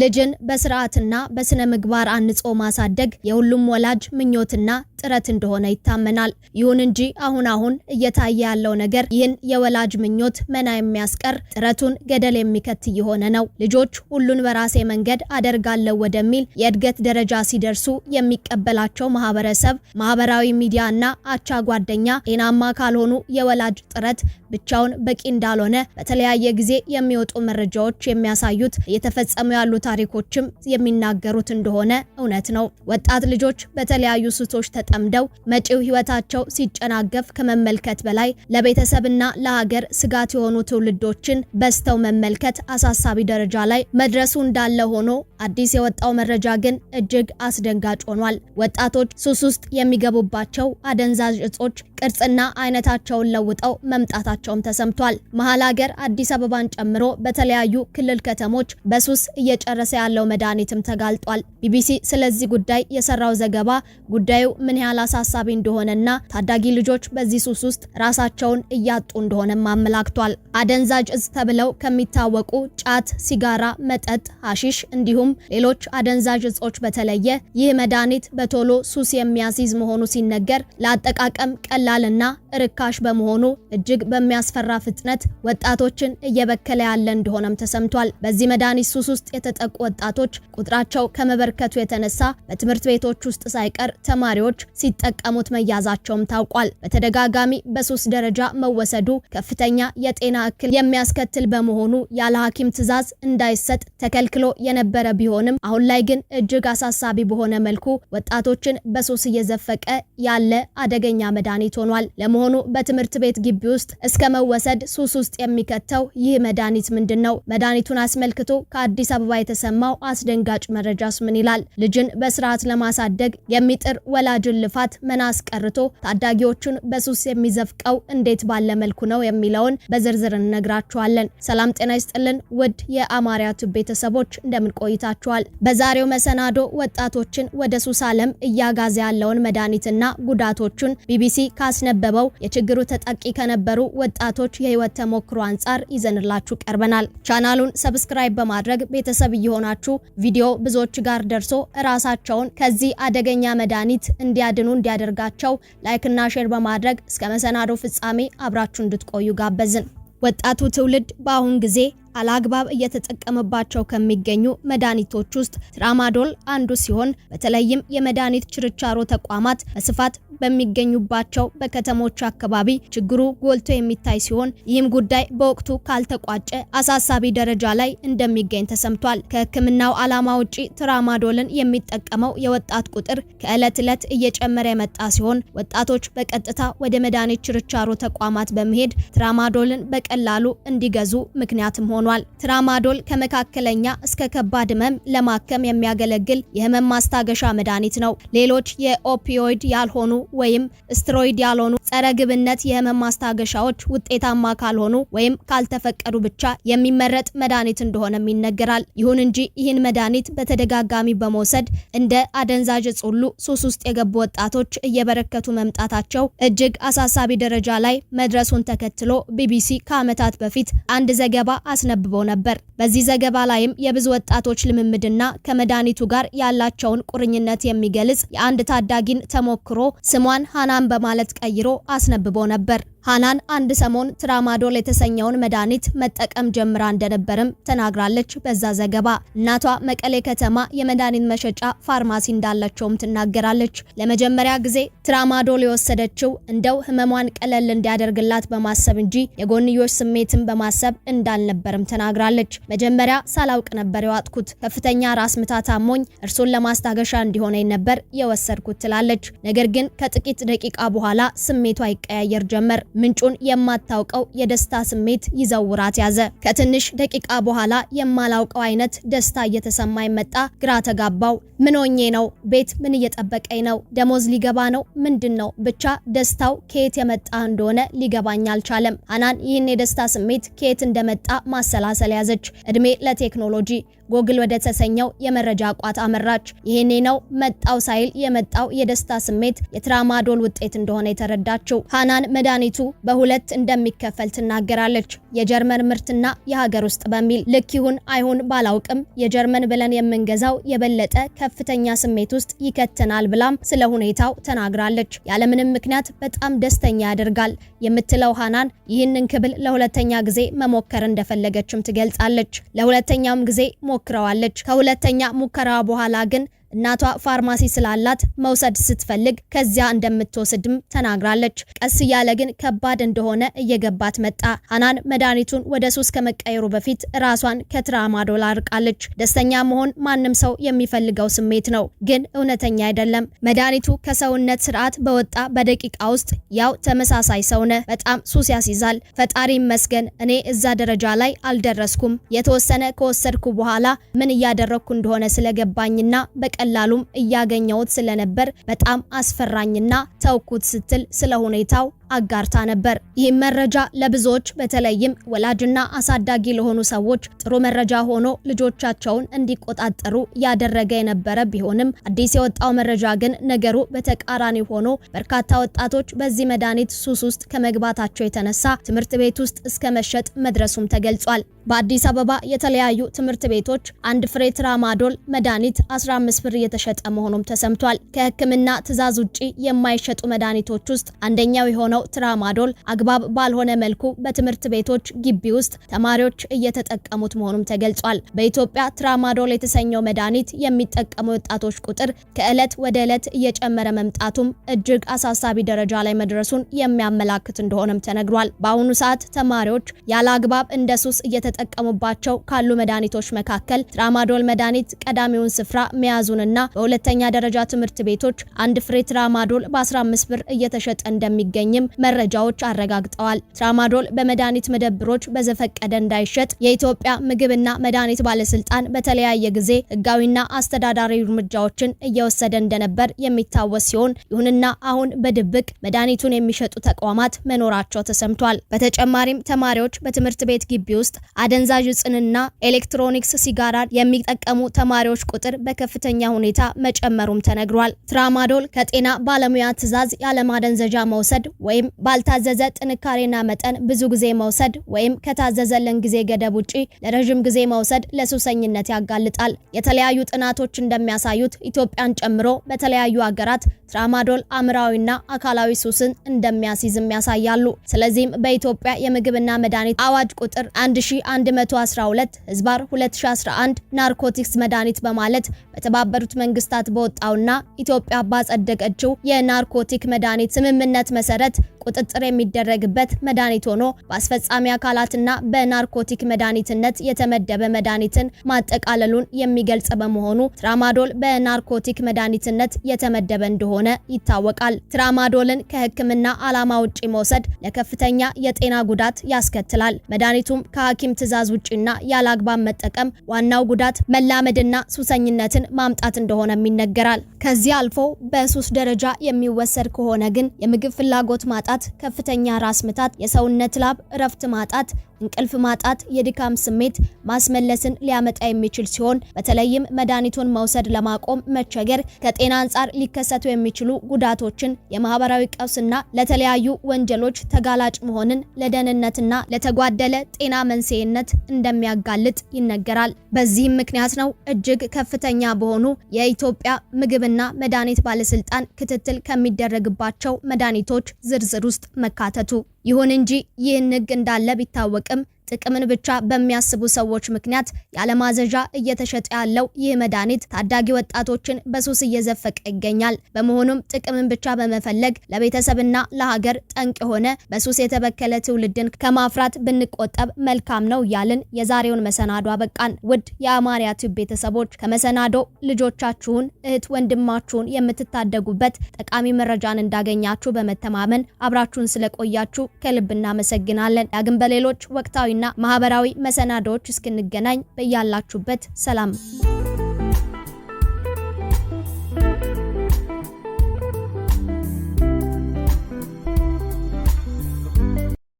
ልጅን በስርዓትና በስነ ምግባር አንጾ ማሳደግ የሁሉም ወላጅ ምኞትና ጥረት እንደሆነ ይታመናል። ይሁን እንጂ አሁን አሁን እየታየ ያለው ነገር ይህን የወላጅ ምኞት መና የሚያስቀር ጥረቱን ገደል የሚከት እየሆነ ነው። ልጆች ሁሉን በራሴ መንገድ አደርጋለሁ ወደሚል የእድገት ደረጃ ሲደርሱ የሚቀበላቸው ማህበረሰብ፣ ማህበራዊ ሚዲያ እና አቻ ጓደኛ ጤናማ ካልሆኑ የወላጅ ጥረት ብቻውን በቂ እንዳልሆነ በተለያየ ጊዜ የሚወጡ መረጃዎች የሚያሳዩት እየተፈጸሙ ያሉ ታሪኮችም የሚናገሩት እንደሆነ እውነት ነው። ወጣት ልጆች በተለያዩ ስቶች ተጠ ተጠምደው መጪው ህይወታቸው ሲጨናገፍ ከመመልከት በላይ ለቤተሰብና ለሀገር ስጋት የሆኑ ትውልዶችን በስተው መመልከት አሳሳቢ ደረጃ ላይ መድረሱ እንዳለ ሆኖ አዲስ የወጣው መረጃ ግን እጅግ አስደንጋጭ ሆኗል። ወጣቶች ሱስ ውስጥ የሚገቡባቸው አደንዛዥ እጾች ቅርጽና አይነታቸውን ለውጠው መምጣታቸውም ተሰምቷል። መሀል ሀገር አዲስ አበባን ጨምሮ በተለያዩ ክልል ከተሞች በሱስ እየጨረሰ ያለው መድኃኒትም ተጋልጧል። ቢቢሲ ስለዚህ ጉዳይ የሰራው ዘገባ ጉዳዩ ምን ያህል አሳሳቢ እንደሆነና ታዳጊ ልጆች በዚህ ሱስ ውስጥ ራሳቸውን እያጡ እንደሆነም አመላክቷል። አደንዛዥ እጽ ተብለው ከሚታወቁ ጫት፣ ሲጋራ፣ መጠጥ፣ ሐሺሽ እንዲሁም ሌሎች አደንዛዥ እጾች በተለየ ይህ መድኃኒት በቶሎ ሱስ የሚያስይዝ መሆኑ ሲነገር ለአጠቃቀም ቀላልና ርካሽ በመሆኑ እጅግ በሚያስፈራ ፍጥነት ወጣቶችን እየበከለ ያለ እንደሆነም ተሰምቷል። በዚህ መድኃኒት ሱስ ውስጥ የተጠቁ ወጣቶች ቁጥራቸው ከመበርከቱ የተነሳ በትምህርት ቤቶች ውስጥ ሳይቀር ተማሪዎች ሲጠቀሙት መያዛቸውም ታውቋል። በተደጋጋሚ በሶስት ደረጃ መወሰዱ ከፍተኛ የጤና እክል የሚያስከትል በመሆኑ ያለ ሐኪም ትዕዛዝ እንዳይሰጥ ተከልክሎ የነበረ ቢሆንም አሁን ላይ ግን እጅግ አሳሳቢ በሆነ መልኩ ወጣቶችን በሱስ እየዘፈቀ ያለ አደገኛ መድኃኒት ሆኗል። ለመሆኑ በትምህርት ቤት ግቢ ውስጥ እስከ መወሰድ ሱስ ውስጥ የሚከተው ይህ መድኃኒት ምንድን ነው? መድኃኒቱን አስመልክቶ ከአዲስ አበባ የተሰማው አስደንጋጭ መረጃስ ምን ይላል? ልጅን በስርዓት ለማሳደግ የሚጥር ወላጅን ልፋት መና አስቀርቶ ታዳጊዎቹን በሱስ የሚዘፍቀው እንዴት ባለ መልኩ ነው የሚለውን በዝርዝር እንነግራችኋለን። ሰላም ጤና ይስጥልን ውድ የአማርያ ቲዩብ ቤተሰቦች እንደምን ቆይታችኋል? በዛሬው መሰናዶ ወጣቶችን ወደ ሱስ ዓለም እያጋዘ ያለውን መድኃኒትና ጉዳቶቹን ቢቢሲ ካስነበበው የችግሩ ተጠቂ ከነበሩ ወጣቶች የህይወት ተሞክሮ አንጻር ይዘንላችሁ ቀርበናል። ቻናሉን ሰብስክራይብ በማድረግ ቤተሰብ እየሆናችሁ ቪዲዮ ብዙዎች ጋር ደርሶ እራሳቸውን ከዚህ አደገኛ መድኃኒት እንዲ እንዲያድኑ እንዲያደርጋቸው ላይክና ሼር በማድረግ እስከ መሰናዶ ፍጻሜ አብራችሁ እንድትቆዩ ጋበዝን። ወጣቱ ትውልድ በአሁን ጊዜ አላግባብ እየተጠቀመባቸው ከሚገኙ መድኃኒቶች ውስጥ ትራማዶል አንዱ ሲሆን በተለይም የመድኃኒት ችርቻሮ ተቋማት በስፋት በሚገኙባቸው በከተሞች አካባቢ ችግሩ ጎልቶ የሚታይ ሲሆን ይህም ጉዳይ በወቅቱ ካልተቋጨ አሳሳቢ ደረጃ ላይ እንደሚገኝ ተሰምቷል። ከሕክምናው ዓላማ ውጪ ትራማዶልን የሚጠቀመው የወጣት ቁጥር ከዕለት ዕለት እየጨመረ የመጣ ሲሆን ወጣቶች በቀጥታ ወደ መድኃኒት ችርቻሮ ተቋማት በመሄድ ትራማዶልን በቀላሉ እንዲገዙ ምክንያትም ሆኗል። ትራማዶል ከመካከለኛ እስከ ከባድ ህመም ለማከም የሚያገለግል የህመም ማስታገሻ መድኃኒት ነው። ሌሎች የኦፒዮይድ ያልሆኑ ወይም ስትሮይድ ያልሆኑ ጸረ ግብነት የህመም ማስታገሻዎች ውጤታማ ካልሆኑ ወይም ካልተፈቀዱ ብቻ የሚመረጥ መድኃኒት እንደሆነም ይነገራል። ይሁን እንጂ ይህን መድኃኒት በተደጋጋሚ በመውሰድ እንደ አደንዛዥ እጽ ሁሉ ሱስ ውስጥ የገቡ ወጣቶች እየበረከቱ መምጣታቸው እጅግ አሳሳቢ ደረጃ ላይ መድረሱን ተከትሎ ቢቢሲ ከዓመታት በፊት አንድ ዘገባ አስነብቦ ነበር። በዚህ ዘገባ ላይም የብዙ ወጣቶች ልምምድና ከመድኃኒቱ ጋር ያላቸውን ቁርኝነት የሚገልጽ የአንድ ታዳጊን ተሞክሮ ስም ስሟን ሃናን በማለት ቀይሮ አስነብቦ ነበር። ሃናን አንድ ሰሞን ትራማዶል የተሰኘውን መድኃኒት መጠቀም ጀምራ እንደነበርም ተናግራለች። በዛ ዘገባ እናቷ መቀሌ ከተማ የመድኃኒት መሸጫ ፋርማሲ እንዳላቸውም ትናገራለች። ለመጀመሪያ ጊዜ ትራማዶል የወሰደችው እንደው ህመሟን ቀለል እንዲያደርግላት በማሰብ እንጂ የጎንዮሽ ስሜትን በማሰብ እንዳልነበርም ተናግራለች። መጀመሪያ ሳላውቅ ነበር የዋጥኩት። ከፍተኛ ራስ ምታት አሞኝ እርሱን ለማስታገሻ እንዲሆነኝ ነበር የወሰድኩት ትላለች። ነገር ግን ከጥቂት ደቂቃ በኋላ ስሜቷ ይቀያየር ጀመር። ምንጩን የማታውቀው የደስታ ስሜት ይዘውራት ያዘ። ከትንሽ ደቂቃ በኋላ የማላውቀው አይነት ደስታ እየተሰማኝ መጣ። ግራ ተጋባው። ምን ሆኜ ነው? ቤት ምን እየጠበቀኝ ነው? ደሞዝ ሊገባ ነው? ምንድን ነው? ብቻ ደስታው ከየት የመጣ እንደሆነ ሊገባኝ አልቻለም። አናን ይህን የደስታ ስሜት ከየት እንደመጣ ማሰላሰል ያዘች። እድሜ ለቴክኖሎጂ ጎግል ወደ ተሰኘው የመረጃ ቋት አመራች። ይሄኔ ነው መጣው ሳይል የመጣው የደስታ ስሜት የትራማዶል ውጤት እንደሆነ የተረዳችው። ሃናን መድኃኒቱ በሁለት እንደሚከፈል ትናገራለች፣ የጀርመን ምርትና የሀገር ውስጥ በሚል ልክ ይሁን አይሁን ባላውቅም የጀርመን ብለን የምንገዛው የበለጠ ከፍተኛ ስሜት ውስጥ ይከተናል ብላም ስለ ሁኔታው ተናግራለች። ያለምንም ምክንያት በጣም ደስተኛ ያደርጋል የምትለው ሃናን ይህንን ክብል ለሁለተኛ ጊዜ መሞከር እንደፈለገችም ትገልጻለች። ለሁለተኛም ጊዜ ሞክረዋለች። ከሁለተኛ ሙከራ በኋላ ግን እናቷ ፋርማሲ ስላላት መውሰድ ስትፈልግ ከዚያ እንደምትወስድም ተናግራለች። ቀስ እያለ ግን ከባድ እንደሆነ እየገባት መጣ። ሀናን መድኃኒቱን ወደ ሱስ ከመቀየሩ በፊት ራሷን ከትራማዶል አርቃለች። ደስተኛ መሆን ማንም ሰው የሚፈልገው ስሜት ነው፣ ግን እውነተኛ አይደለም። መድኃኒቱ ከሰውነት ስርዓት በወጣ በደቂቃ ውስጥ ያው ተመሳሳይ ሰውነ። በጣም ሱስ ያስይዛል። ፈጣሪ ይመስገን እኔ እዛ ደረጃ ላይ አልደረስኩም። የተወሰነ ከወሰድኩ በኋላ ምን እያደረግኩ እንደሆነ ስለገባኝና በቀ በቀላሉም እያገኘሁት ስለነበር በጣም አስፈራኝና ተውኩት ስትል ስለ ሁኔታው አጋርታ ነበር። ይህም መረጃ ለብዙዎች በተለይም ወላጅና አሳዳጊ ለሆኑ ሰዎች ጥሩ መረጃ ሆኖ ልጆቻቸውን እንዲቆጣጠሩ ያደረገ የነበረ ቢሆንም አዲስ የወጣው መረጃ ግን ነገሩ በተቃራኒ ሆኖ በርካታ ወጣቶች በዚህ መድኃኒት ሱስ ውስጥ ከመግባታቸው የተነሳ ትምህርት ቤት ውስጥ እስከ መሸጥ መድረሱም ተገልጿል። በአዲስ አበባ የተለያዩ ትምህርት ቤቶች አንድ ፍሬ ትራማዶል መድኃኒት 15 ብር እየተሸጠ መሆኑም ተሰምቷል። ከሕክምና ትዕዛዝ ውጪ የማይሸጡ መድኃኒቶች ውስጥ አንደኛው የሆነው ትራማዶል አግባብ ባልሆነ መልኩ በትምህርት ቤቶች ግቢ ውስጥ ተማሪዎች እየተጠቀሙት መሆኑም ተገልጿል። በኢትዮጵያ ትራማዶል የተሰኘው መድኃኒት የሚጠቀሙ ወጣቶች ቁጥር ከእለት ወደ እለት እየጨመረ መምጣቱም እጅግ አሳሳቢ ደረጃ ላይ መድረሱን የሚያመላክት እንደሆነም ተነግሯል። በአሁኑ ሰዓት ተማሪዎች ያለ አግባብ እንደ ሱስ እየተጠቀሙባቸው ካሉ መድኃኒቶች መካከል ትራማዶል መድኃኒት ቀዳሚውን ስፍራ መያዙንና በሁለተኛ ደረጃ ትምህርት ቤቶች አንድ ፍሬ ትራማዶል በ15 ብር እየተሸጠ እንደሚገኝም መሆኑንም መረጃዎች አረጋግጠዋል። ትራማዶል በመድኃኒት መደብሮች በዘፈቀደ እንዳይሸጥ የኢትዮጵያ ምግብና መድኃኒት ባለስልጣን በተለያየ ጊዜ ህጋዊና አስተዳዳሪ እርምጃዎችን እየወሰደ እንደነበር የሚታወስ ሲሆን ይሁንና አሁን በድብቅ መድኃኒቱን የሚሸጡ ተቋማት መኖራቸው ተሰምቷል። በተጨማሪም ተማሪዎች በትምህርት ቤት ግቢ ውስጥ አደንዛዥ እጽንና ኤሌክትሮኒክስ ሲጋራ የሚጠቀሙ ተማሪዎች ቁጥር በከፍተኛ ሁኔታ መጨመሩም ተነግሯል። ትራማዶል ከጤና ባለሙያ ትዕዛዝ ያለማደንዘዣ መውሰድ ወ ወይም ባልታዘዘ ጥንካሬና መጠን ብዙ ጊዜ መውሰድ ወይም ከታዘዘልን ጊዜ ገደብ ውጪ ለረዥም ጊዜ መውሰድ ለሱሰኝነት ያጋልጣል። የተለያዩ ጥናቶች እንደሚያሳዩት ኢትዮጵያን ጨምሮ በተለያዩ ሀገራት ትራማዶል አእምራዊና አካላዊ ሱስን እንደሚያስይዝም ያሳያሉ። ስለዚህም በኢትዮጵያ የምግብና መድኃኒት አዋጅ ቁጥር 1112 ህዝባር 2011 ናርኮቲክስ መድኃኒት በማለት በተባበሩት መንግስታት በወጣውና ኢትዮጵያ ባጸደቀችው የናርኮቲክ መድኃኒት ስምምነት መሰረት ቁጥጥር የሚደረግበት መድኃኒት ሆኖ በአስፈጻሚ አካላትና በናርኮቲክ መድኃኒትነት የተመደበ መድኃኒትን ማጠቃለሉን የሚገልጽ በመሆኑ ትራማዶል በናርኮቲክ መድኃኒትነት የተመደበ እንደሆነ ይታወቃል። ትራማዶልን ከሕክምና ዓላማ ውጪ መውሰድ ለከፍተኛ የጤና ጉዳት ያስከትላል። መድኃኒቱም ከሐኪም ትዕዛዝ ውጪና ያለ አግባብ መጠቀም ዋናው ጉዳት መላመድና ሱሰኝነትን ማምጣት እንደሆነም ይነገራል። ከዚህ አልፎ በሱስ ደረጃ የሚወሰድ ከሆነ ግን የምግብ ፍላጎት ማጣት፣ ከፍተኛ ራስ ምታት፣ የሰውነት ላብ፣ እረፍት ማጣት፣ እንቅልፍ ማጣት፣ የድካም ስሜት ማስመለስን ሊያመጣ የሚችል ሲሆን በተለይም መድኃኒቱን መውሰድ ለማቆም መቸገር ከጤና አንጻር ሊከሰቱ የሚችሉ ጉዳቶችን፣ የማህበራዊ ቀውስና ለተለያዩ ወንጀሎች ተጋላጭ መሆንን ለደህንነትና ለተጓደለ ጤና መንስኤነት እንደሚያጋልጥ ይነገራል። በዚህም ምክንያት ነው እጅግ ከፍተኛ በሆኑ የኢትዮጵያ ምግብና መድኃኒት ባለስልጣን ክትትል ከሚደረግባቸው መድኃኒቶች ዝርዝር ውስጥ መካተቱ። ይሁን እንጂ ይህን ህግ እንዳለ ቢታወቅም ጥቅምን ብቻ በሚያስቡ ሰዎች ምክንያት ያለማዘዣ እየተሸጠ ያለው ይህ መድኃኒት ታዳጊ ወጣቶችን በሱስ እየዘፈቀ ይገኛል። በመሆኑም ጥቅምን ብቻ በመፈለግ ለቤተሰብና ለሀገር ጠንቅ የሆነ በሱስ የተበከለ ትውልድን ከማፍራት ብንቆጠብ መልካም ነው እያልን የዛሬውን መሰናዶ አበቃን። ውድ የአማርያ ቲዩብ ቤተሰቦች ከመሰናዶ ልጆቻችሁን፣ እህት ወንድማችሁን የምትታደጉበት ጠቃሚ መረጃን እንዳገኛችሁ በመተማመን አብራችሁን ስለቆያችሁ ከልብ እናመሰግናለን። ዳግም በሌሎች ወቅታዊ ማህበራዊ መሰናዶዎች እስክንገናኝ በያላችሁበት ሰላም